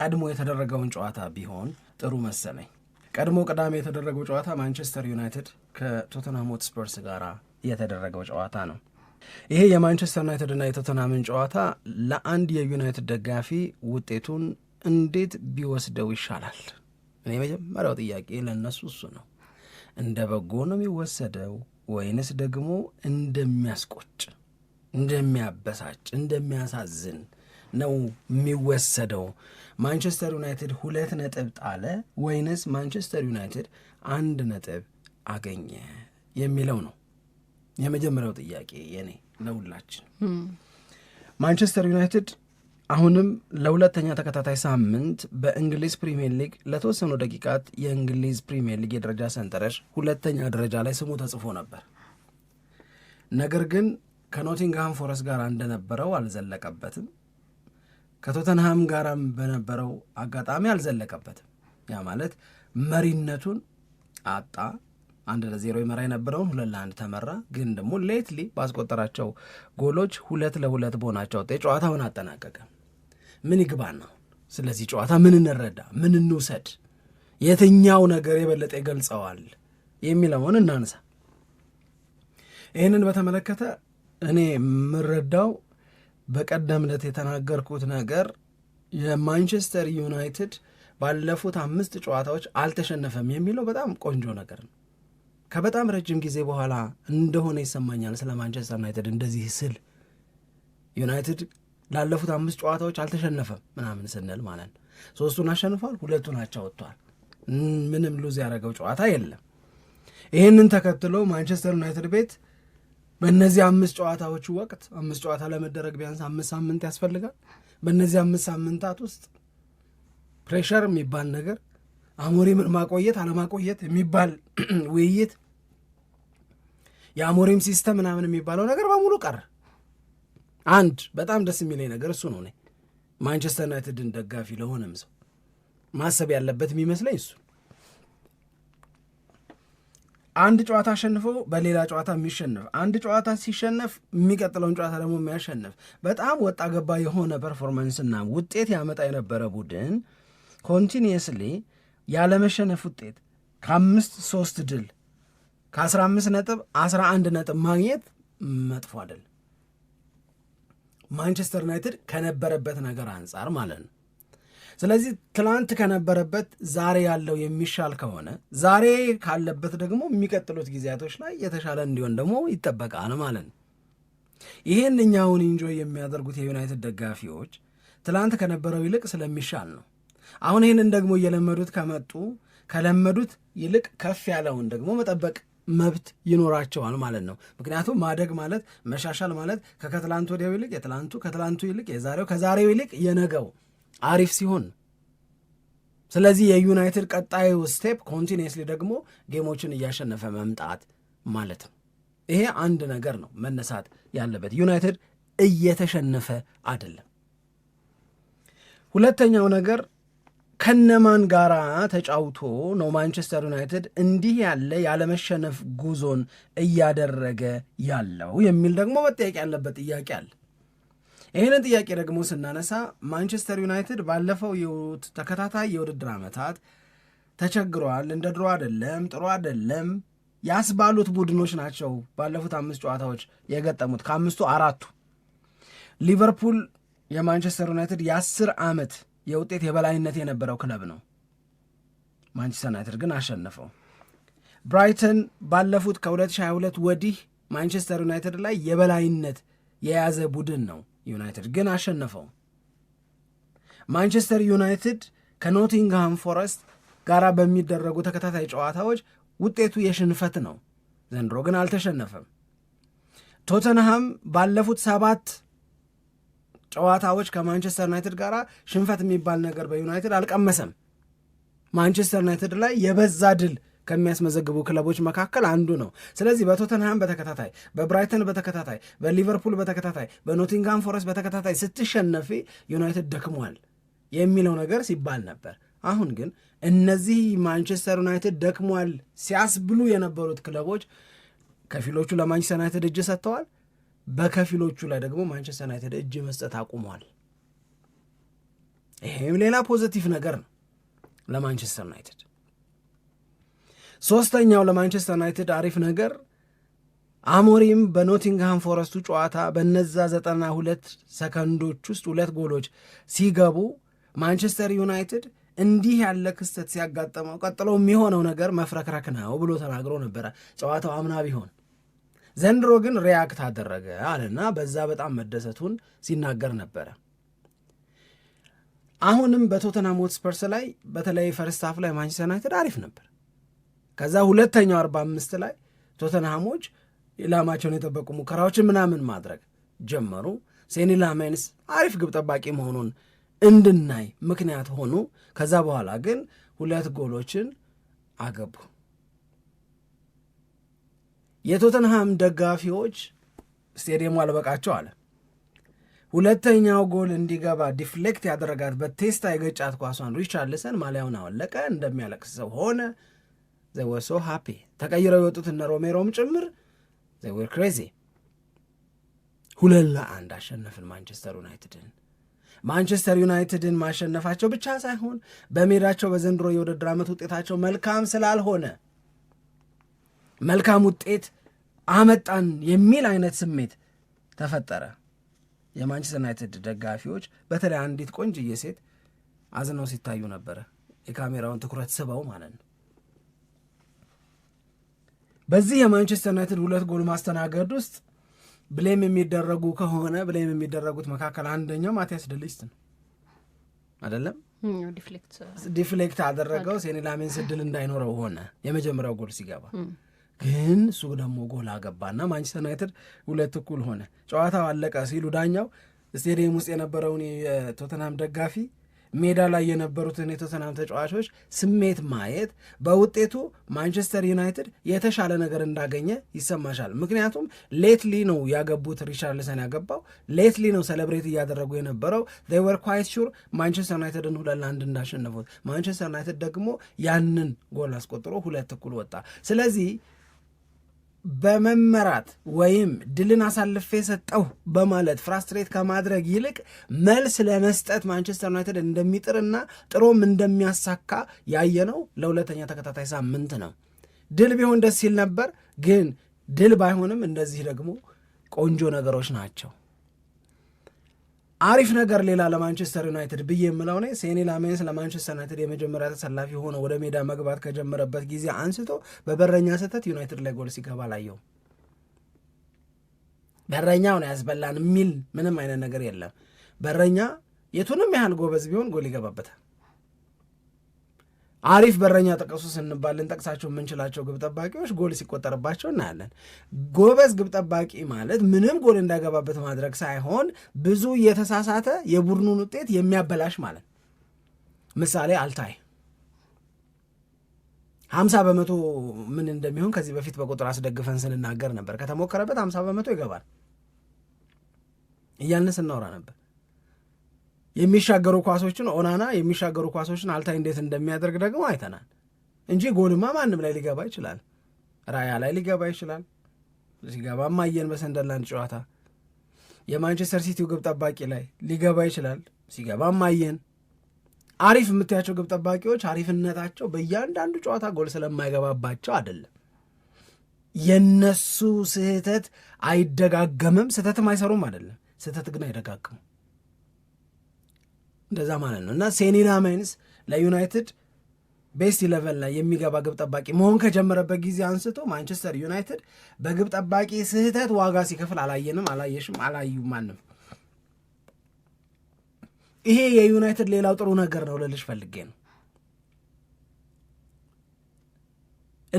ቀድሞ የተደረገውን ጨዋታ ቢሆን ጥሩ መሰለኝ። ቀድሞ ቅዳሜ የተደረገው ጨዋታ ማንቸስተር ዩናይትድ ከቶተንሃም ሆትስፐርስ ጋር የተደረገው ጨዋታ ነው። ይሄ የማንቸስተር ዩናይትድ እና የቶተንሃምን ጨዋታ ለአንድ የዩናይትድ ደጋፊ ውጤቱን እንዴት ቢወስደው ይሻላል? እኔ የመጀመሪያው ጥያቄ ለእነሱ እሱ ነው። እንደ በጎ ነው የሚወሰደው ወይንስ ደግሞ እንደሚያስቆጭ፣ እንደሚያበሳጭ፣ እንደሚያሳዝን ነው የሚወሰደው። ማንቸስተር ዩናይትድ ሁለት ነጥብ ጣለ ወይንስ ማንቸስተር ዩናይትድ አንድ ነጥብ አገኘ የሚለው ነው የመጀመሪያው ጥያቄ የኔ ለሁላችን። ማንቸስተር ዩናይትድ አሁንም ለሁለተኛ ተከታታይ ሳምንት በእንግሊዝ ፕሪምየር ሊግ ለተወሰኑ ደቂቃት የእንግሊዝ ፕሪምየር ሊግ የደረጃ ሰንጠረዥ ሁለተኛ ደረጃ ላይ ስሙ ተጽፎ ነበር። ነገር ግን ከኖቲንግሃም ፎረስት ጋር እንደነበረው አልዘለቀበትም። ከቶተንሃም ጋራም በነበረው አጋጣሚ አልዘለቀበትም። ያ ማለት መሪነቱን አጣ። አንድ ለዜሮ ይመራ የነበረውን ሁለት ለአንድ ተመራ። ግን ደግሞ ሌትሊ ባስቆጠራቸው ጎሎች ሁለት ለሁለት በሆናቸው ውጤት ጨዋታውን አጠናቀቀ። ምን ነው? ስለዚህ ጨዋታ ምን እንረዳ፣ ምን እንውሰድ፣ የትኛው ነገር የበለጠ ይገልጸዋል የሚለውን እናንሳ። ይህንን በተመለከተ እኔ የምረዳው በቀደምነት የተናገርኩት ነገር የማንቸስተር ዩናይትድ ባለፉት አምስት ጨዋታዎች አልተሸነፈም የሚለው በጣም ቆንጆ ነገር ነው። ከበጣም ረጅም ጊዜ በኋላ እንደሆነ ይሰማኛል ስለ ማንቸስተር ዩናይትድ እንደዚህ ስል ዩናይትድ ላለፉት አምስት ጨዋታዎች አልተሸነፈም ምናምን ስንል ማለት ነው። ሶስቱን አሸንፏል፣ ሁለቱን አቻ ወጥቷል። ምንም ሉዝ ያደረገው ጨዋታ የለም። ይህንን ተከትሎ ማንቸስተር ዩናይትድ ቤት በእነዚህ አምስት ጨዋታዎች ወቅት አምስት ጨዋታ ለመደረግ ቢያንስ አምስት ሳምንት ያስፈልጋል። በእነዚህ አምስት ሳምንታት ውስጥ ፕሬሸር የሚባል ነገር አሞሪምን ማቆየት አለማቆየት የሚባል ውይይት የአሞሪም ሲስተም ምናምን የሚባለው ነገር በሙሉ ቀረ። አንድ በጣም ደስ የሚለኝ ነገር እሱ ነው። እኔ ማንቸስተር ዩናይትድን ደጋፊ ለሆነም ሰው ማሰብ ያለበት የሚመስለኝ እሱ አንድ ጨዋታ አሸንፎ በሌላ ጨዋታ የሚሸነፍ አንድ ጨዋታ ሲሸነፍ የሚቀጥለውን ጨዋታ ደግሞ የሚያሸንፍ በጣም ወጣ ገባ የሆነ ፐርፎርማንስና ውጤት ያመጣ የነበረ ቡድን ኮንቲኒየስሊ ያለመሸነፍ ውጤት ከአምስት ሶስት ድል ከአስራ አምስት ነጥብ አስራ አንድ ነጥብ ማግኘት መጥፎ አይደል። ማንቸስተር ዩናይትድ ከነበረበት ነገር አንጻር ማለት ነው። ስለዚህ ትላንት ከነበረበት ዛሬ ያለው የሚሻል ከሆነ ዛሬ ካለበት ደግሞ የሚቀጥሉት ጊዜያቶች ላይ የተሻለ እንዲሆን ደግሞ ይጠበቃል ማለት ነው። ይህን እኛውን ኢንጆይ የሚያደርጉት የዩናይትድ ደጋፊዎች ትላንት ከነበረው ይልቅ ስለሚሻል ነው። አሁን ይህንን ደግሞ እየለመዱት ከመጡ ከለመዱት ይልቅ ከፍ ያለውን ደግሞ መጠበቅ መብት ይኖራቸዋል ማለት ነው። ምክንያቱም ማደግ ማለት መሻሻል ማለት ከከትላንቱ ወዲያው ይልቅ የትላንቱ ከትላንቱ ይልቅ የዛሬው ከዛሬው ይልቅ የነገው አሪፍ ሲሆን ስለዚህ የዩናይትድ ቀጣዩ ስቴፕ ኮንቲኒስሊ ደግሞ ጌሞችን እያሸነፈ መምጣት ማለት ነው። ይሄ አንድ ነገር ነው መነሳት ያለበት። ዩናይትድ እየተሸነፈ አይደለም። ሁለተኛው ነገር ከነማን ጋር ተጫውቶ ነው ማንቸስተር ዩናይትድ እንዲህ ያለ ያለመሸነፍ ጉዞን እያደረገ ያለው የሚል ደግሞ መጠየቅ ያለበት ጥያቄ አለ። ይህንን ጥያቄ ደግሞ ስናነሳ ማንቸስተር ዩናይትድ ባለፈው ተከታታይ የውድድር ዓመታት ተቸግሯል፣ እንደ ድሮ አደለም፣ ጥሩ አደለም ያስባሉት ቡድኖች ናቸው። ባለፉት አምስት ጨዋታዎች የገጠሙት ከአምስቱ አራቱ ሊቨርፑል የማንቸስተር ዩናይትድ የአስር ዓመት የውጤት የበላይነት የነበረው ክለብ ነው። ማንቸስተር ዩናይትድ ግን አሸነፈው። ብራይተን ባለፉት ከ2022 ወዲህ ማንቸስተር ዩናይትድ ላይ የበላይነት የያዘ ቡድን ነው። ዩናይትድ ግን አሸነፈው። ማንቸስተር ዩናይትድ ከኖቲንግሃም ፎረስት ጋር በሚደረጉ ተከታታይ ጨዋታዎች ውጤቱ የሽንፈት ነው። ዘንድሮ ግን አልተሸነፈም። ቶተንሃም ባለፉት ሰባት ጨዋታዎች ከማንቸስተር ዩናይትድ ጋር ሽንፈት የሚባል ነገር በዩናይትድ አልቀመሰም። ማንቸስተር ዩናይትድ ላይ የበዛ ድል ከሚያስመዘግቡ ክለቦች መካከል አንዱ ነው። ስለዚህ በቶተንሃም በተከታታይ በብራይተን በተከታታይ በሊቨርፑል በተከታታይ በኖቲንጋም ፎረስት በተከታታይ ስትሸነፊ ዩናይትድ ደክሟል የሚለው ነገር ሲባል ነበር። አሁን ግን እነዚህ ማንቸስተር ዩናይትድ ደክሟል ሲያስብሉ የነበሩት ክለቦች ከፊሎቹ ለማንቸስተር ዩናይትድ እጅ ሰጥተዋል፣ በከፊሎቹ ላይ ደግሞ ማንቸስተር ዩናይትድ እጅ መስጠት አቁሟል። ይሄም ሌላ ፖዘቲቭ ነገር ነው ለማንቸስተር ዩናይትድ ሶስተኛው ለማንቸስተር ዩናይትድ አሪፍ ነገር አሞሪም በኖቲንግሃም ፎረስቱ ጨዋታ በነዛ ዘጠና ሁለት ሰከንዶች ውስጥ ሁለት ጎሎች ሲገቡ ማንቸስተር ዩናይትድ እንዲህ ያለ ክስተት ሲያጋጠመው ቀጥሎ የሚሆነው ነገር መፍረክረክ ነው ብሎ ተናግሮ ነበረ። ጨዋታው አምና ቢሆን ዘንድሮ ግን ሪያክት አደረገ አለና በዛ በጣም መደሰቱን ሲናገር ነበረ። አሁንም በቶተንሃም ሆትስፐርስ ላይ በተለይ ፈርስት ሃፍ ላይ ማንቸስተር ዩናይትድ አሪፍ ነበር። ከዛ ሁለተኛው አርባ አምስት ላይ ቶተንሃሞች ኢላማቸውን የጠበቁ ሙከራዎችን ምናምን ማድረግ ጀመሩ። ሴኒ ላሜንስ አሪፍ ግብ ጠባቂ መሆኑን እንድናይ ምክንያት ሆኑ። ከዛ በኋላ ግን ሁለት ጎሎችን አገቡ። የቶተንሃም ደጋፊዎች ስቴዲየሙ አልበቃቸው አለ። ሁለተኛው ጎል እንዲገባ ዲፍሌክት ያደረጋት በቴስታ የገጫት ኳሷን ሪቻርልሰን ማሊያውን አወለቀ። እንደሚያለቅስ ሰው ሆነ። ዘይ ወር ሶ ሃፒ ተቀይረው የወጡት እነ ሮሜሮም ጭምር ዘይ ክሬዚ። ሁለት ለአንድ አሸነፍን ማንቸስተር ዩናይትድን። ማንቸስተር ዩናይትድን ማሸነፋቸው ብቻ ሳይሆን በሜዳቸው በዘንድሮ የውድድር ዓመት ውጤታቸው መልካም ስላልሆነ መልካም ውጤት አመጣን የሚል አይነት ስሜት ተፈጠረ። የማንቸስተር ዩናይትድ ደጋፊዎች በተለይ አንዲት ቆንጅዬ ሴት አዝነው ሲታዩ ነበረ። የካሜራውን ትኩረት ስበው ማለት ነው። በዚህ የማንቸስተር ዩናይትድ ሁለት ጎል ማስተናገድ ውስጥ ብሌም የሚደረጉ ከሆነ ብሌም የሚደረጉት መካከል አንደኛው ማቲያስ ደሊስት ነው አይደለም። ዲፍሌክት አደረገው ሴኒ ላሜን ስድል እንዳይኖረው ሆነ። የመጀመሪያው ጎል ሲገባ ግን እሱ ደግሞ ጎል አገባና ማንቸስተር ዩናይትድ ሁለት እኩል ሆነ። ጨዋታው አለቀ ሲሉ ዳኛው ስቴዲየም ውስጥ የነበረውን የቶተናም ደጋፊ ሜዳ ላይ የነበሩትን የቶተናም ተጫዋቾች ስሜት ማየት በውጤቱ ማንቸስተር ዩናይትድ የተሻለ ነገር እንዳገኘ ይሰማሻል። ምክንያቱም ሌትሊ ነው ያገቡት፣ ሪቻርልሰን ያገባው ሌትሊ ነው። ሰለብሬት እያደረጉ የነበረው ወር ኳይት ሹር ማንቸስተር ዩናይትድን ሁለት ለአንድ እንዳሸነፉት፣ ማንቸስተር ዩናይትድ ደግሞ ያንን ጎል አስቆጥሮ ሁለት እኩል ወጣ። ስለዚህ በመመራት ወይም ድልን አሳልፌ ሰጠሁ በማለት ፍራስትሬት ከማድረግ ይልቅ መልስ ለመስጠት ማንቸስተር ዩናይትድ እንደሚጥርና ጥሮም እንደሚያሳካ ያየነው ለሁለተኛ ተከታታይ ሳምንት ነው። ድል ቢሆን ደስ ሲል ነበር፣ ግን ድል ባይሆንም እንደዚህ ደግሞ ቆንጆ ነገሮች ናቸው። አሪፍ ነገር ሌላ ለማንቸስተር ዩናይትድ ብዬ የምለው ነ ሴኒ ላሜንስ ለማንቸስተር ዩናይትድ የመጀመሪያ ተሰላፊ ሆነ ወደ ሜዳ መግባት ከጀመረበት ጊዜ አንስቶ በበረኛ ስህተት ዩናይትድ ላይ ጎል ሲገባ ላየው በረኛው ነው ያስበላን የሚል ምንም አይነት ነገር የለም። በረኛ የቱንም ያህል ጎበዝ ቢሆን ጎል ይገባበታል። አሪፍ በረኛ ጥቀሱ ስንባል ልንጠቅሳቸው የምንችላቸው ግብ ጠባቂዎች ጎል ሲቆጠርባቸው እናያለን። ጎበዝ ግብ ጠባቂ ማለት ምንም ጎል እንዳገባበት ማድረግ ሳይሆን ብዙ የተሳሳተ የቡድኑን ውጤት የሚያበላሽ ማለት ምሳሌ አልታይ ሀምሳ በመቶ ምን እንደሚሆን ከዚህ በፊት በቁጥር አስደግፈን ስንናገር ነበር። ከተሞከረበት ሀምሳ በመቶ ይገባል እያልን ስናወራ ነበር። የሚሻገሩ ኳሶችን ኦናና የሚሻገሩ ኳሶችን አልታይ እንዴት እንደሚያደርግ ደግሞ አይተናል እንጂ ጎልማ ማንም ላይ ሊገባ ይችላል። ራያ ላይ ሊገባ ይችላል። ሲገባ ማየን በሰንደርላንድ ጨዋታ የማንቸስተር ሲቲው ግብ ጠባቂ ላይ ሊገባ ይችላል። ሲገባ ማየን አሪፍ የምትያቸው ግብ ጠባቂዎች አሪፍነታቸው በእያንዳንዱ ጨዋታ ጎል ስለማይገባባቸው አይደለም። የነሱ ስህተት አይደጋገምም፣ ስህተትም አይሰሩም አይደለም። ስህተት ግን አይደጋግሙም። እንደዛ ማለት ነው እና ሴኒና ላመንስ ለዩናይትድ ቤስት ኢለቨን ላይ የሚገባ ግብ ጠባቂ መሆን ከጀመረበት ጊዜ አንስቶ ማንቸስተር ዩናይትድ በግብ ጠባቂ ስህተት ዋጋ ሲከፍል አላየንም፣ አላየሽም፣ አላዩ ማንም። ይሄ የዩናይትድ ሌላው ጥሩ ነገር ነው ልልሽ ፈልጌ ነው።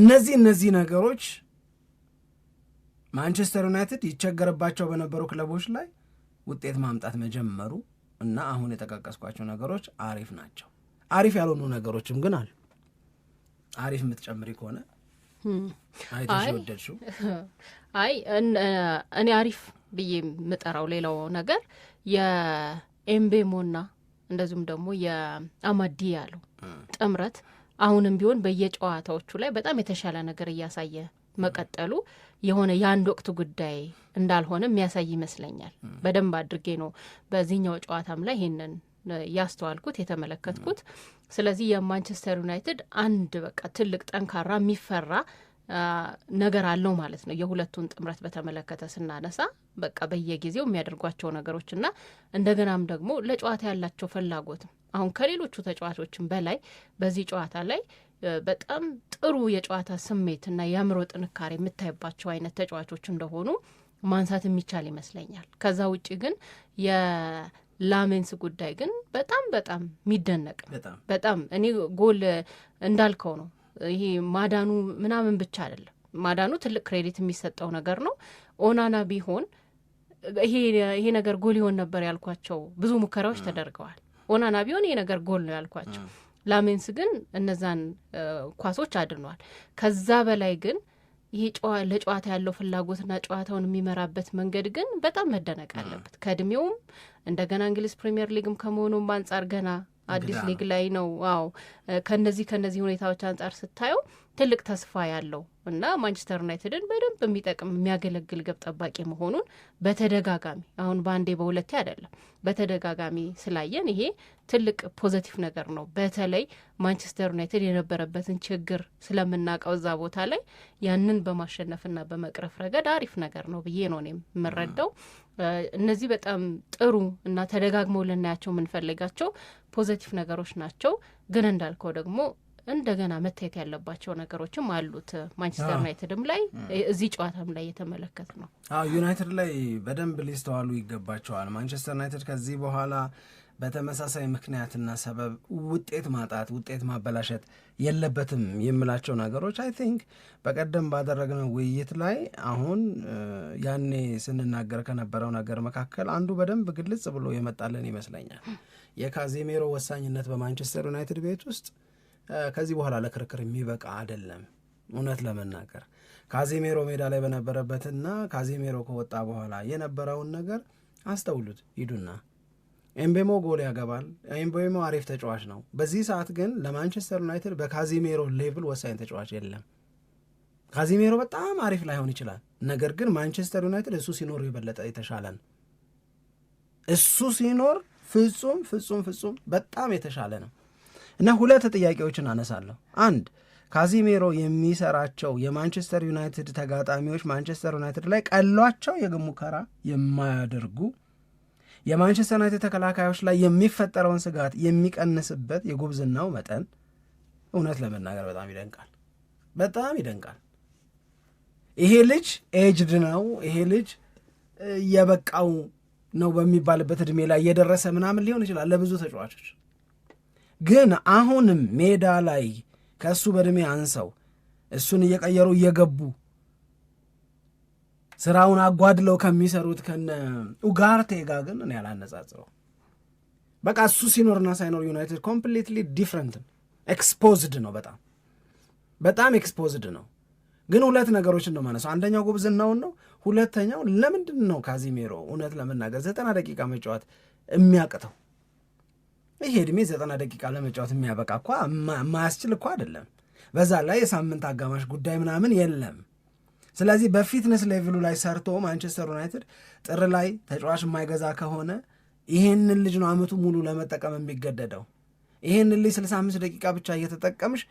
እነዚህ እነዚህ ነገሮች ማንቸስተር ዩናይትድ ይቸገርባቸው በነበሩ ክለቦች ላይ ውጤት ማምጣት መጀመሩ እና አሁን የጠቃቀስኳቸው ነገሮች አሪፍ ናቸው። አሪፍ ያልሆኑ ነገሮችም ግን አሉ። አሪፍ የምትጨምሪ ከሆነ አይተወደድሽው። አይ እኔ አሪፍ ብዬ የምጠራው ሌላው ነገር የኤምቤሞና እንደዚሁም ደግሞ የአማዲ ያለው ጥምረት አሁንም ቢሆን በየጨዋታዎቹ ላይ በጣም የተሻለ ነገር እያሳየ መቀጠሉ የሆነ የአንድ ወቅት ጉዳይ እንዳልሆነ የሚያሳይ ይመስለኛል። በደንብ አድርጌ ነው በዚህኛው ጨዋታም ላይ ይሄንን ያስተዋልኩት የተመለከትኩት። ስለዚህ የማንቸስተር ዩናይትድ አንድ በቃ ትልቅ ጠንካራ የሚፈራ ነገር አለው ማለት ነው። የሁለቱን ጥምረት በተመለከተ ስናነሳ በቃ በየጊዜው የሚያደርጓቸው ነገሮች እና እንደገናም ደግሞ ለጨዋታ ያላቸው ፍላጎትም አሁን ከሌሎቹ ተጫዋቾችም በላይ በዚህ ጨዋታ ላይ በጣም ጥሩ የጨዋታ ስሜትና የአእምሮ ጥንካሬ የምታይባቸው አይነት ተጫዋቾች እንደሆኑ ማንሳት የሚቻል ይመስለኛል። ከዛ ውጭ ግን የላሜንስ ጉዳይ ግን በጣም በጣም የሚደነቅ ነው። በጣም እኔ ጎል እንዳልከው ነው። ይሄ ማዳኑ ምናምን ብቻ አይደለም። ማዳኑ ትልቅ ክሬዲት የሚሰጠው ነገር ነው። ኦናና ቢሆን ይሄ ነገር ጎል ይሆን ነበር ያልኳቸው ብዙ ሙከራዎች ተደርገዋል። ኦናና ቢሆን ይሄ ነገር ጎል ነው ያልኳቸው ላሜንስ ግን እነዛን ኳሶች አድኗል። ከዛ በላይ ግን ይህ ለጨዋታ ያለው ፍላጎትና ጨዋታውን የሚመራበት መንገድ ግን በጣም መደነቅ አለበት። ከእድሜውም እንደገና እንግሊዝ ፕሪምየር ሊግም ከመሆኑም አንጻር ገና አዲስ ሊግ ላይ ነው። አዎ ከነዚህ ከነዚህ ሁኔታዎች አንጻር ስታየው ትልቅ ተስፋ ያለው እና ማንቸስተር ዩናይትድን በደንብ የሚጠቅም የሚያገለግል ግብ ጠባቂ መሆኑን በተደጋጋሚ አሁን በአንዴ በሁለቴ አይደለም በተደጋጋሚ ስላየን ይሄ ትልቅ ፖዘቲቭ ነገር ነው። በተለይ ማንቸስተር ዩናይትድ የነበረበትን ችግር ስለምናውቀው እዛ ቦታ ላይ ያንን በማሸነፍና በመቅረፍ ረገድ አሪፍ ነገር ነው ብዬ ነው የምረዳው። እነዚህ በጣም ጥሩ እና ተደጋግመው ልናያቸው የምንፈልጋቸው ፖዘቲቭ ነገሮች ናቸው። ግን እንዳልከው ደግሞ እንደገና መታየት ያለባቸው ነገሮችም አሉት። ማንቸስተር ዩናይትድም ላይ እዚህ ጨዋታም ላይ የተመለከት ነው። አዎ ዩናይትድ ላይ በደንብ ሊስተዋሉ ይገባቸዋል። ማንቸስተር ዩናይትድ ከዚህ በኋላ በተመሳሳይ ምክንያትና ሰበብ ውጤት ማጣት፣ ውጤት ማበላሸት የለበትም የምላቸው ነገሮች አይ ቲንክ በቀደም ባደረግነው ውይይት ላይ አሁን ያኔ ስንናገር ከነበረው ነገር መካከል አንዱ በደንብ ግልጽ ብሎ የመጣልን ይመስለኛል። የካዜሜሮ ወሳኝነት በማንቸስተር ዩናይትድ ቤት ውስጥ ከዚህ በኋላ ለክርክር የሚበቃ አይደለም። እውነት ለመናገር ካዚሜሮ ሜዳ ላይ በነበረበትና ካዚሜሮ ከወጣ በኋላ የነበረውን ነገር አስተውሉት ሂዱና ኤምቤሞ ጎል ያገባል። ኤምቤሞ አሪፍ ተጫዋች ነው። በዚህ ሰዓት ግን ለማንቸስተር ዩናይትድ በካዚሜሮ ሌቭል ወሳኝ ተጫዋች የለም። ካዚሜሮ በጣም አሪፍ ላይሆን ይችላል፣ ነገር ግን ማንቸስተር ዩናይትድ እሱ ሲኖር የበለጠ የተሻለ ነው። እሱ ሲኖር ፍጹም ፍጹም ፍጹም በጣም የተሻለ ነው። እና ሁለት ጥያቄዎችን አነሳለሁ። አንድ ካዚሜሮ የሚሰራቸው የማንቸስተር ዩናይትድ ተጋጣሚዎች ማንቸስተር ዩናይትድ ላይ ቀሏቸው የግብ ሙከራ የማያደርጉ የማንቸስተር ዩናይትድ ተከላካዮች ላይ የሚፈጠረውን ስጋት የሚቀንስበት የጉብዝናው መጠን እውነት ለመናገር በጣም ይደንቃል፣ በጣም ይደንቃል። ይሄ ልጅ ኤጅድ ነው፣ ይሄ ልጅ የበቃው ነው በሚባልበት እድሜ ላይ የደረሰ ምናምን ሊሆን ይችላል ለብዙ ተጫዋቾች ግን አሁንም ሜዳ ላይ ከእሱ በዕድሜ አንሰው እሱን እየቀየሩ እየገቡ ስራውን አጓድለው ከሚሰሩት ከነ ኡጋርቴ ጋር ግን እኔ አላነጻጽረው። በቃ እሱ ሲኖርና ሳይኖር ዩናይትድ ኮምፕሊትሊ ዲፍረንት ኤክስፖዝድ ነው። በጣም በጣም ኤክስፖዝድ ነው። ግን ሁለት ነገሮች ነው ማነሰው። አንደኛው ጉብዝናውን ነው። ሁለተኛው ለምንድን ነው ካዚሜሮ እውነት ለመናገር ዘጠና ደቂቃ መጫወት የሚያቅተው? ይሄ እድሜ ዘጠና ደቂቃ ለመጫወት የሚያበቃ እኳ የማያስችል እኳ አይደለም። በዛ ላይ የሳምንት አጋማሽ ጉዳይ ምናምን የለም። ስለዚህ በፊትነስ ሌቭሉ ላይ ሰርቶ ማንቸስተር ዩናይትድ ጥር ላይ ተጫዋች የማይገዛ ከሆነ ይሄንን ልጅ ነው አመቱ ሙሉ ለመጠቀም የሚገደደው። ይሄንን ልጅ 65 ደቂቃ ብቻ እየተጠቀምሽ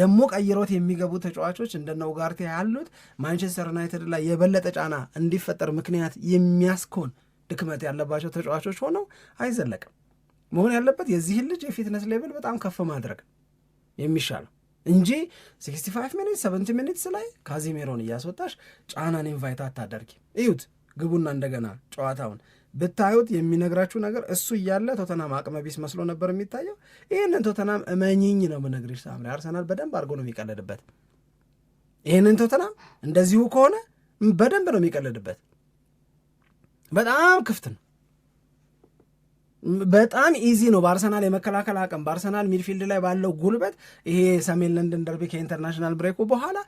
ደግሞ ቀይሮት የሚገቡ ተጫዋቾች እንደነ ኡጋርቴ ያሉት ማንቸስተር ዩናይትድ ላይ የበለጠ ጫና እንዲፈጠር ምክንያት የሚያስኮን ድክመት ያለባቸው ተጫዋቾች ሆነው አይዘለቅም። መሆን ያለበት የዚህን ልጅ የፊትነስ ሌቭል በጣም ከፍ ማድረግ የሚሻለው እንጂ 65 ሚኒት 70 ሚኒትስ ላይ ካዚሜሮን እያስወጣሽ ጫናን ኢንቫይት አታደርጊ። እዩት ግቡና እንደገና ጨዋታውን ብታዩት የሚነግራችሁ ነገር እሱ እያለ ቶተናም አቅመ ቢስ መስሎ ነበር የሚታየው። ይህንን ቶተናም እመኝኝ ነው የምነግርሽ ሳምሪ፣ አርሰናል በደንብ አድርጎ ነው የሚቀለድበት። ይህንን ቶተናም እንደዚሁ ከሆነ በደንብ ነው የሚቀለድበት። በጣም ክፍት ነው። በጣም ኢዚ ነው። በአርሰናል የመከላከል አቅም በአርሰናል ሚድፊልድ ላይ ባለው ጉልበት ይሄ ሰሜን ለንደን ደርቢ ከኢንተርናሽናል ብሬኩ በኋላ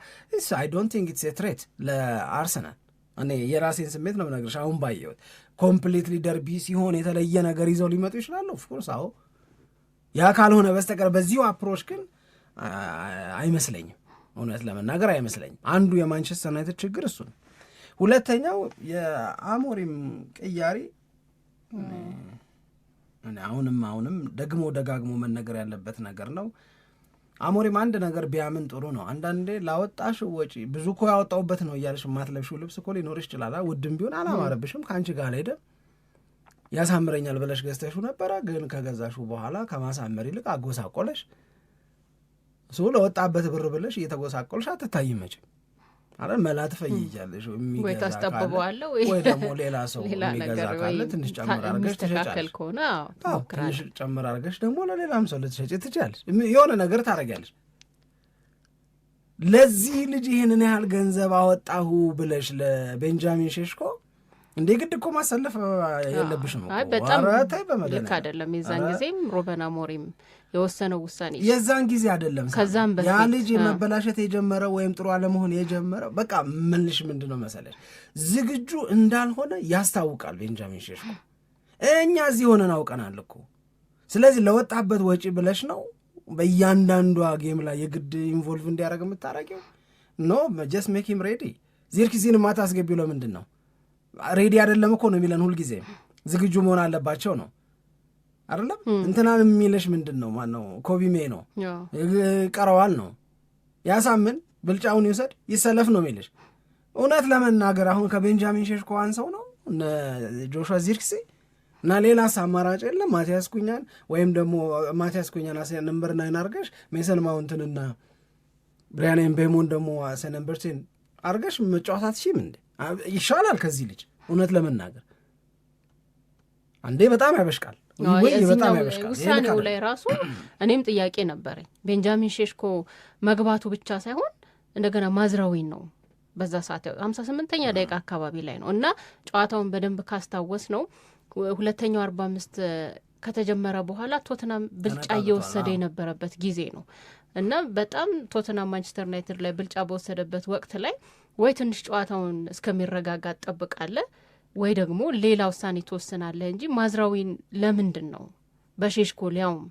አይ ዶንት ቲንክ ኢትስ ትሬት ለአርሰናል። እኔ የራሴን ስሜት ነው የምነግርሽ። አሁን ባየሁት ኮምፕሊትሊ ደርቢ ሲሆን የተለየ ነገር ይዘው ሊመጡ ይችላሉ። ኦፍኮርስ አዎ፣ ያ ካልሆነ በስተቀር በዚሁ አፕሮች ግን አይመስለኝም። እውነት ለመናገር አይመስለኝም። አንዱ የማንቸስተር ዩናይትድ ችግር እሱ ነው። ሁለተኛው የአሞሪም ቅያሪ አሁንም አሁንም ደግሞ ደጋግሞ መነገር ያለበት ነገር ነው። አሞሪም አንድ ነገር ቢያምን ጥሩ ነው። አንዳንዴ ላወጣሽ ወጪ ብዙ እኮ ያወጣውበት ነው እያለሽ የማትለብሽው ልብስ እኮ ሊኖርሽ ይችላል። ውድም ቢሆን አላማረብሽም፣ ከአንቺ ጋር አልሄደም፣ ያሳምረኛል ብለሽ ገዝተሽው ነበረ። ግን ከገዛሽው በኋላ ከማሳመር ይልቅ አጎሳቆለሽ። እሱ ለወጣበት ብር ብለሽ እየተጎሳቆለሽ አትታይም መቼም አረ መላ ትፈይጃለሽ ወይ ወይ ደግሞ ሌላ ሰው የሚገዛ ካለ ትንሽ ጨምር ትሸጫለሽ። ትንሽ ጨምር ደግሞ ለሌላም ሰው ልትሸጭ ትችያለሽ። የሆነ ነገር ታደርጊያለሽ። ለዚህ ልጅ ይህንን ያህል ገንዘብ አወጣሁ ብለሽ ለቤንጃሚን ሼሽኮ እንደ ግድ እኮ ማሰለፍ የለብሽም። በጣም ልክ አይደለም። የዛን ጊዜም ሮበን አሞሪም የወሰነው ውሳኔ የዛን ጊዜ አይደለም። ከዛም በፊት ያ ልጅ መበላሸት የጀመረው ወይም ጥሩ አለመሆን የጀመረው በቃ መልሽ ምንድን ነው መሰለሽ ዝግጁ እንዳልሆነ ያስታውቃል። ቤንጃሚን ሼሽኮ እኛ እዚህ ሆነን አውቀናል እኮ ስለዚህ ለወጣበት ወጪ ብለሽ ነው በእያንዳንዷ ጌም ላይ የግድ ኢንቮልቭ እንዲያደርግ የምታረጊው ኖ ጀስ ሜክ ሂም ሬዲ ዚርክዚን ማታስገቢው ለምንድን ነው ሬዲ አይደለም እኮ ነው የሚለን ሁልጊዜ ዝግጁ መሆን አለባቸው ነው አይደለም እንትናን የሚለሽ ምንድን ነው ማን ነው ኮቢሜ ነው ቀረዋል ነው ያሳምን ብልጫውን ይውሰድ ይሰለፍ ነው የሚልሽ እውነት ለመናገር አሁን ከቤንጃሚን ሼሽኮ አንሰው ነው ጆሹዋ ዚርክሲ እና ሌላስ አማራጭ የለም ማቲያስ ኩኛን ወይም ደግሞ ማቲያስ ኩኛን አሴ ነምበር ናይን አርገሽ ሜሰን ማውንትንና ብሪያን ኤምቤሞን ደግሞ አሴ ነምበር አርገሽ መጫወታት ሺም እንዴ ይሻላል ከዚህ ልጅ እውነት ለመናገር አንዴ በጣም ያበሽቃል ውሳኔው ላይ ራሱ እኔም ጥያቄ ነበረኝ። ቤንጃሚን ሼሽኮ መግባቱ ብቻ ሳይሆን እንደገና ማዝራዊን ነው በዛ ሰዓት ሀምሳ ስምንተኛ ደቂቃ አካባቢ ላይ ነው እና ጨዋታውን በደንብ ካስታወስ ነው ሁለተኛው አርባ አምስት ከተጀመረ በኋላ ቶትናም ብልጫ እየወሰደ የነበረበት ጊዜ ነው እና በጣም ቶትናም ማንቸስተር ዩናይትድ ላይ ብልጫ በወሰደበት ወቅት ላይ ወይ ትንሽ ጨዋታውን እስከሚረጋጋ ጠብቃለህ ወይ ደግሞ ሌላ ውሳኔ ትወስናለህ እንጂ ማዝራዊን ለምንድን ነው በሼሽኮ ሊያውም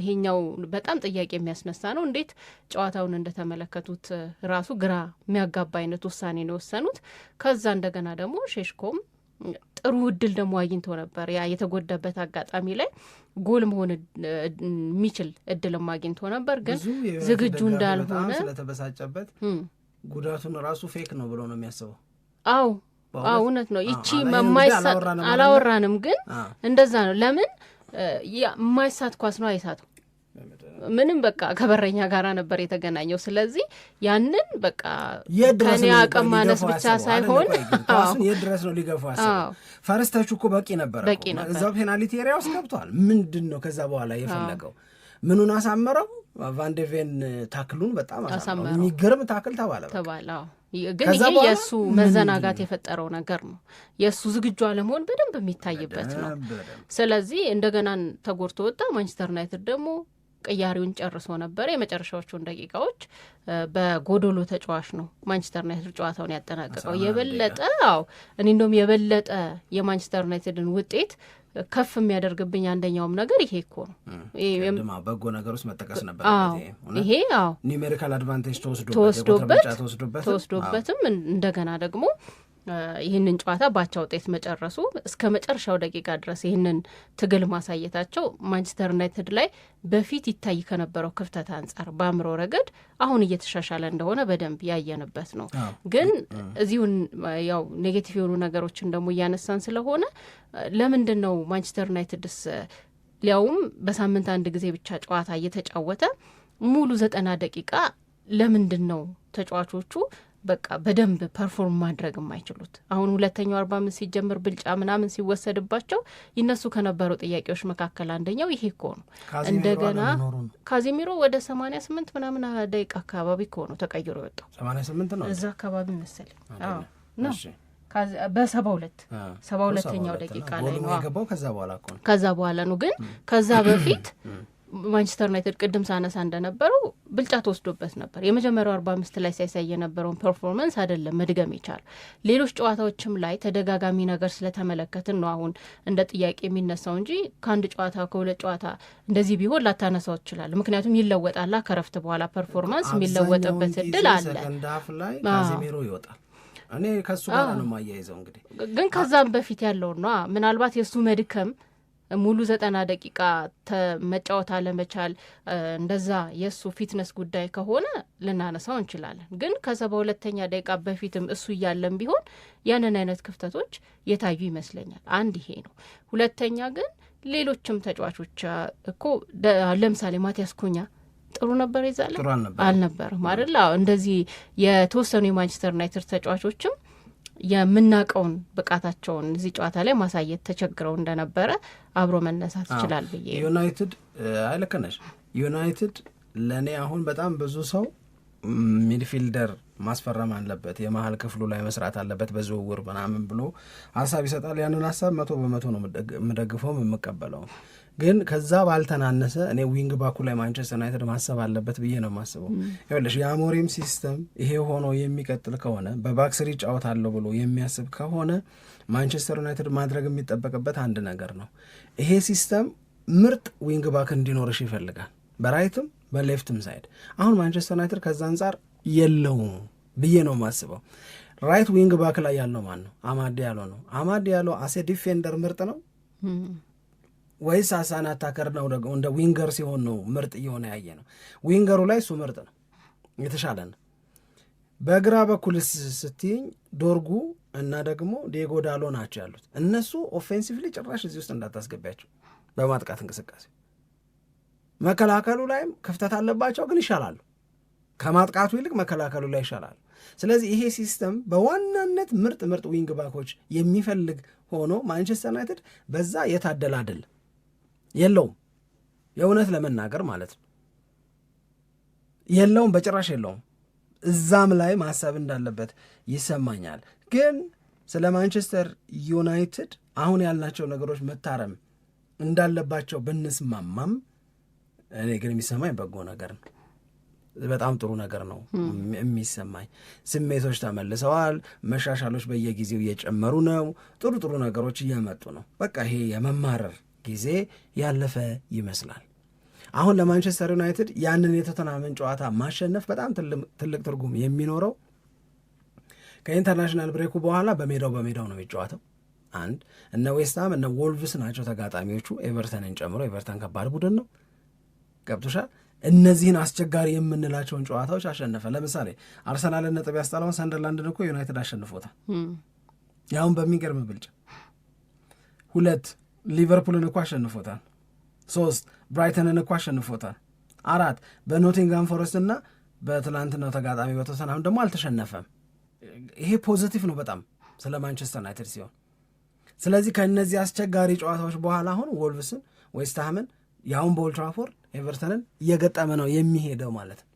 ይሄኛው በጣም ጥያቄ የሚያስነሳ ነው። እንዴት ጨዋታውን እንደተመለከቱት ራሱ ግራ የሚያጋባ አይነት ውሳኔ ነው የወሰኑት። ከዛ እንደገና ደግሞ ሼሽኮም ጥሩ እድል ደግሞ አግኝቶ ነበር። ያ የተጎዳበት አጋጣሚ ላይ ጎል መሆን የሚችል እድልም አግኝቶ ነበር፣ ግን ዝግጁ እንዳልሆነ ስለተበሳጨበት ጉዳቱን ራሱ ፌክ ነው ብሎ ነው የሚያስበው። አዎ እውነት ነው። ይቺ አላወራንም፣ ግን እንደዛ ነው። ለምን የማይሳት ኳስ ነው አይሳትም። ምንም በቃ ከበረኛ ጋራ ነበር የተገናኘው። ስለዚህ ያንን በቃ ከኔ አቅም ማነስ ብቻ ሳይሆን የት ድረስ ነው ሊገፋ ፈረስተቹ እኮ በቂ ነበር፣ እዛው ፔናልቲ ኤሪያ ውስጥ ገብቷል። ምንድን ነው ከዛ በኋላ የፈለገው? ምኑን አሳመረው? ቫንዴቬን ታክሉን በጣም የሚገርም ታክል ተባለ ተባለ። ግን ይሄ የእሱ መዘናጋት የፈጠረው ነገር ነው። የእሱ ዝግጁ አለመሆን በደንብ የሚታይበት ነው። ስለዚህ እንደገና ተጎድቶ ወጣ። ማንቸስተር ዩናይትድ ደግሞ ቅያሪውን ጨርሶ ነበረ። የመጨረሻዎቹን ደቂቃዎች በጎዶሎ ተጫዋች ነው ማንቸስተር ዩናይትድ ጨዋታውን ያጠናቀቀው። የበለጠ አዎ እኔ እንደውም የበለጠ የማንቸስተር ዩናይትድን ውጤት ከፍ የሚያደርግብኝ አንደኛውም ነገር ይሄ እኮ ነው። በጎ ነገር ውስጥ መጠቀስ ነበር ይሄ። ኒሜሪካል አድቫንቴጅ ተወስዶበት ተወስዶበትም እንደገና ደግሞ ይህንን ጨዋታ ባቻ ውጤት መጨረሱ እስከ መጨረሻው ደቂቃ ድረስ ይህንን ትግል ማሳየታቸው ማንቸስተር ዩናይትድ ላይ በፊት ይታይ ከነበረው ክፍተት አንጻር በአእምሮ ረገድ አሁን እየተሻሻለ እንደሆነ በደንብ ያየንበት ነው። ግን እዚሁን ያው ኔጌቲቭ የሆኑ ነገሮችን ደግሞ እያነሳን ስለሆነ ለምንድን ነው ማንቸስተር ዩናይትድስ ሊያውም በሳምንት አንድ ጊዜ ብቻ ጨዋታ እየተጫወተ ሙሉ ዘጠና ደቂቃ ለምንድን ነው ተጫዋቾቹ በቃ በደንብ ፐርፎርም ማድረግ የማይችሉት አሁን ሁለተኛው አርባ አምስት ሲጀምር ብልጫ ምናምን ሲወሰድባቸው ይነሱ ከነበሩ ጥያቄዎች መካከል አንደኛው ይሄ እኮ ነው። እንደገና ካዚሚሮ ወደ ሰማኒያ ስምንት ምናምን ደቂቃ አካባቢ እኮ ነው ተቀይሮ የወጣው ሰማኒያ ስምንት ነው እዛ አካባቢ መሰለኝ ነው በሰባ ሁለት ሰባ ሁለተኛው ደቂቃ ላይ ነው ከዛ በኋላ ነው ግን ከዛ በፊት ማንቸስተር ዩናይትድ ቅድም ሳነሳ እንደነበረው ብልጫ ተወስዶበት ነበር። የመጀመሪያው አርባ አምስት ላይ ሲያሳይ የነበረውን ፐርፎርመንስ አይደለም መድገም ይቻል። ሌሎች ጨዋታዎችም ላይ ተደጋጋሚ ነገር ስለተመለከትን ነው አሁን እንደ ጥያቄ የሚነሳው እንጂ ከአንድ ጨዋታ ከሁለት ጨዋታ እንደዚህ ቢሆን ላታነሳው ይችላል። ምክንያቱም ይለወጣላ። ከረፍት በኋላ ፐርፎርማንስ የሚለወጥበት እድል አለ። እኔ ከሱ ጋር ነው የማያይዘው እንግዲህ ግን ከዛም በፊት ያለውን ነዋ ምናልባት የእሱ መድከም ሙሉ ዘጠና ደቂቃ መጫወት አለመቻል እንደዛ የእሱ ፊትነስ ጉዳይ ከሆነ ልናነሳው እንችላለን። ግን ከሰባ ሁለተኛ ደቂቃ በፊትም እሱ እያለን ቢሆን ያንን አይነት ክፍተቶች የታዩ ይመስለኛል። አንድ ይሄ ነው። ሁለተኛ ግን ሌሎችም ተጫዋቾች እኮ ለምሳሌ ማቲያስ ኩኛ ጥሩ ነበር ይዛለ አልነበርም አይደል? እንደዚህ የተወሰኑ የማንቸስተር ዩናይትድ ተጫዋቾችም የምናውቀውን ብቃታቸውን እዚህ ጨዋታ ላይ ማሳየት ተቸግረው እንደነበረ አብሮ መነሳት ይችላል ብዬ ዩናይትድ አይለከነሽ ዩናይትድ ለእኔ አሁን በጣም ብዙ ሰው ሚድፊልደር ማስፈረም አለበት፣ የመሀል ክፍሉ ላይ መስራት አለበት በዝውውር ምናምን ብሎ ሀሳብ ይሰጣል። ያንን ሀሳብ መቶ በመቶ ነው የምደግፈው የምቀበለው። ግን ከዛ ባልተናነሰ እኔ ዊንግ ባኩ ላይ ማንቸስተር ዩናይትድ ማሰብ አለበት ብዬ ነው የማስበው። ይኸውልሽ የአሞሪም ሲስተም ይሄ ሆኖ የሚቀጥል ከሆነ በባክስሪ አለው ብሎ የሚያስብ ከሆነ ማንቸስተር ዩናይትድ ማድረግ የሚጠበቅበት አንድ ነገር ነው። ይሄ ሲስተም ምርጥ ዊንግ ባክ እንዲኖርሽ ይፈልጋል፣ በራይትም በሌፍትም ሳይድ። አሁን ማንቸስተር ዩናይትድ ከዛ አንጻር የለውም ብዬ ነው የማስበው። ራይት ዊንግ ባክ ላይ ያለው ማን ነው? አማድ ያለው ነው። አማድ ያለው አሴ ዲፌንደር ምርጥ ነው ወይስ ሀሳን አታከር ነው ደግሞ እንደ ዊንገር ሲሆን ነው ምርጥ እየሆነ ያየ ነው። ዊንገሩ ላይ እሱ ምርጥ ነው፣ የተሻለ ነው። በግራ በኩል ስትኝ ዶርጉ እና ደግሞ ዴጎ ዳሎ ናቸው ያሉት። እነሱ ኦፌንሲቭሊ ጭራሽ እዚህ ውስጥ እንዳታስገቢያቸው በማጥቃት እንቅስቃሴ መከላከሉ ላይም ክፍተት አለባቸው፣ ግን ይሻላሉ። ከማጥቃቱ ይልቅ መከላከሉ ላይ ይሻላሉ። ስለዚህ ይሄ ሲስተም በዋናነት ምርጥ ምርጥ ዊንግ ባኮች የሚፈልግ ሆኖ ማንቸስተር ዩናይትድ በዛ የታደለ አይደለም። የለውም። የእውነት ለመናገር ማለት ነው የለውም፣ በጭራሽ የለውም። እዛም ላይ ማሰብ እንዳለበት ይሰማኛል። ግን ስለ ማንቸስተር ዩናይትድ አሁን ያልናቸው ነገሮች መታረም እንዳለባቸው ብንስማማም እኔ ግን የሚሰማኝ በጎ ነገር ነው። በጣም ጥሩ ነገር ነው የሚሰማኝ። ስሜቶች ተመልሰዋል። መሻሻሎች በየጊዜው እየጨመሩ ነው። ጥሩ ጥሩ ነገሮች እየመጡ ነው። በቃ ይሄ የመማረር ጊዜ ያለፈ ይመስላል። አሁን ለማንቸስተር ዩናይትድ ያንን የቶተናምን ጨዋታ ማሸነፍ በጣም ትልቅ ትርጉም የሚኖረው ከኢንተርናሽናል ብሬኩ በኋላ በሜዳው በሜዳው ነው የሚጫወተው። አንድ እነ ዌስትሃም እነ ወልቭስ ናቸው ተጋጣሚዎቹ፣ ኤቨርተንን ጨምሮ። ኤቨርተን ከባድ ቡድን ነው። ገብቶሻል። እነዚህን አስቸጋሪ የምንላቸውን ጨዋታዎች አሸነፈ። ለምሳሌ አርሰናልን ነጥብ ያስጣለውን ሰንደርላንድን እኮ ዩናይትድ አሸንፎታል። ያሁን በሚገርም ብልጫ ሁለት ሊቨርፑልን እኳ አሸንፎታል። ሶስት ብራይተንን እኳ አሸንፎታል። አራት በኖቲንጋም ፎረስት እና በትላንትናው ተጋጣሚ በተሰናም ደግሞ አልተሸነፈም። ይሄ ፖዘቲቭ ነው በጣም ስለ ማንቸስተር ዩናይትድ ሲሆን፣ ስለዚህ ከእነዚህ አስቸጋሪ ጨዋታዎች በኋላ አሁን ወልቭስን፣ ዌስትሃምን ያሁን በኦልትራፎርድ ኤቨርተንን እየገጠመ ነው የሚሄደው ማለት ነው።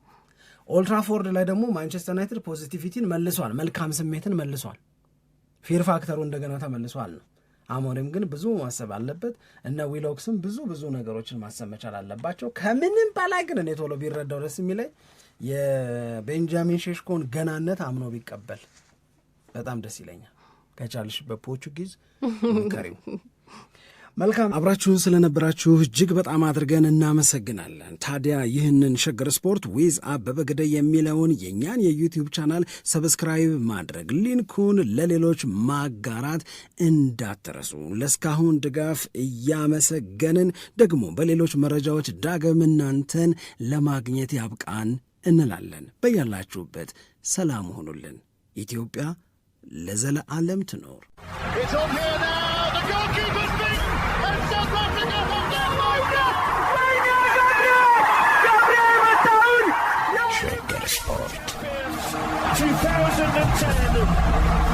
ኦልትራፎርድ ላይ ደግሞ ማንቸስተር ዩናይትድ ፖዚቲቪቲን መልሷል፣ መልካም ስሜትን መልሷል፣ ፌር ፋክተሩ እንደገና ተመልሷል ነው አሞሪም ግን ብዙ ማሰብ አለበት። እነ ዊሎክስም ብዙ ብዙ ነገሮችን ማሰብ መቻል አለባቸው። ከምንም በላይ ግን እኔ ቶሎ ቢረዳው ደስ የሚለኝ የቤንጃሚን ሼሽኮን ገናነት አምኖ ቢቀበል በጣም ደስ ይለኛል። ከቻልሽ በፖርቹጊዝ ምከሪው። መልካም አብራችሁን ስለነበራችሁ እጅግ በጣም አድርገን እናመሰግናለን። ታዲያ ይህንን ሸገር ስፖርት ዊዝ አበበ ግደይ የሚለውን የእኛን የዩቲዩብ ቻናል ሰብስክራይብ ማድረግ ሊንኩን ለሌሎች ማጋራት እንዳትረሱ። ለእስካሁን ድጋፍ እያመሰገንን ደግሞ በሌሎች መረጃዎች ዳግም እናንተን ለማግኘት ያብቃን እንላለን። በያላችሁበት ሰላም ሆኑልን። ኢትዮጵያ ለዘለዓለም ትኖር። 2010.